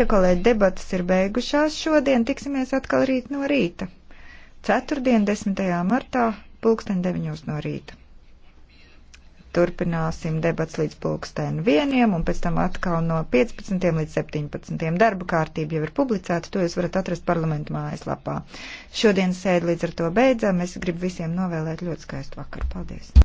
Ja kolēģi debatas ir beigušās, šodien tiksimies atkal rīt no rīta. Ceturtdien, 10. martā, pulksten 9 no rīta. Turpināsim debats līdz pulksten 1 un pēc tam atkal no 15 līdz 17. Darba kārtība jau ir publicēta, to jūs varat atrast parlamentu mājaslapā. Šodien sēdi līdz ar to beidzam. Es gribu visiem novēlēt ļoti skaistu vakaru. Paldies!